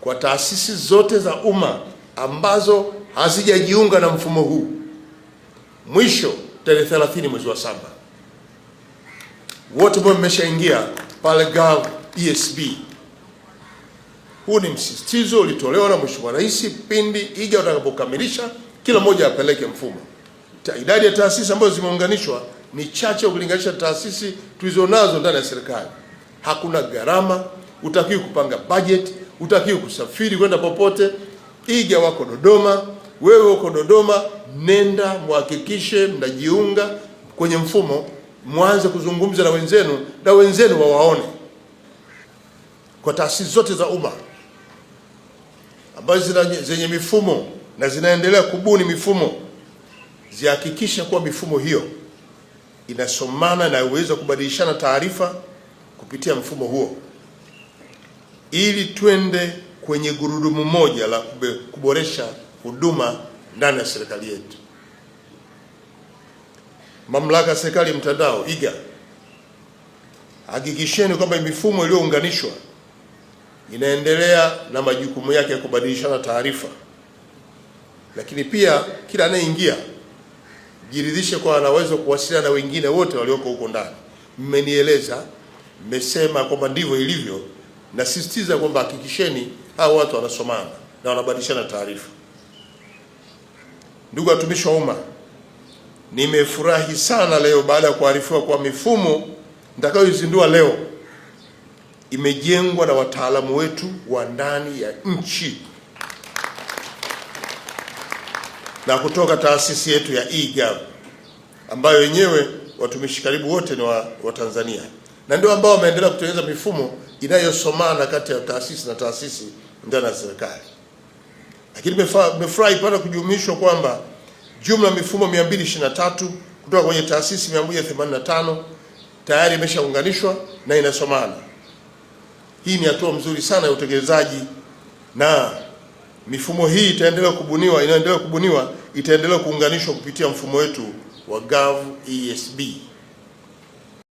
kwa taasisi zote za umma ambazo hazijajiunga na mfumo huu mwisho tarehe 30 mwezi wa saba. Wote ambao mmeshaingia pale gov esb. Huu ni msisitizo ulitolewa na Mheshimiwa Rais pindi ija utakapokamilisha kila mmoja apeleke mfumo. Ta, idadi ya taasisi ambazo zimeunganishwa ni chache ukilinganisha taasisi tulizonazo ndani ya serikali. Hakuna gharama, utakiwi kupanga bajeti utakiwi kusafiri kwenda popote. Iga wako Dodoma, wewe uko Dodoma, nenda muhakikishe mnajiunga kwenye mfumo, mwanze kuzungumza na wenzenu na wenzenu wawaone, kwa taasisi zote za umma ambazo zenye mifumo na zinaendelea kubuni mifumo zihakikisha kuwa mifumo hiyo inasomana na uwezo kubadilishana taarifa kupitia mfumo huo ili twende kwenye gurudumu moja la kuboresha huduma ndani ya serikali yetu. Mamlaka ya Serikali Mtandao iga hakikisheni kwamba mifumo iliyounganishwa inaendelea na majukumu yake ya kubadilishana taarifa, lakini pia kila anayeingia jiridhishe kwa anaweza kuwasiliana na wengine wote walioko huko ndani. Mmenieleza, mmesema kwamba ndivyo ilivyo. Nasisitiza kwamba hakikisheni hao watu wanasomana na wanabadilishana taarifa. Ndugu watumishi wa umma, nimefurahi sana leo baada ya kuarifiwa kwa mifumo nitakayoizindua leo imejengwa na wataalamu wetu wa ndani ya nchi na kutoka taasisi yetu ya eGov ambayo wenyewe watumishi karibu wote ni wa Tanzania na ndio ambao wameendelea kutengeneza mifumo inayosomana kati ya taasisi na taasisi ndani ya serikali. Lakini mefurahi pana kujumlishwa kwamba jumla mifumo 223 kutoka kwenye taasisi 185 tayari imeshaunganishwa na inasomana. Hii ni hatua mzuri sana ya utekelezaji, na mifumo hii itaendelea kubuniwa, inaendelea kubuniwa, itaendelea kuunganishwa kupitia mfumo wetu wa Gov ESB.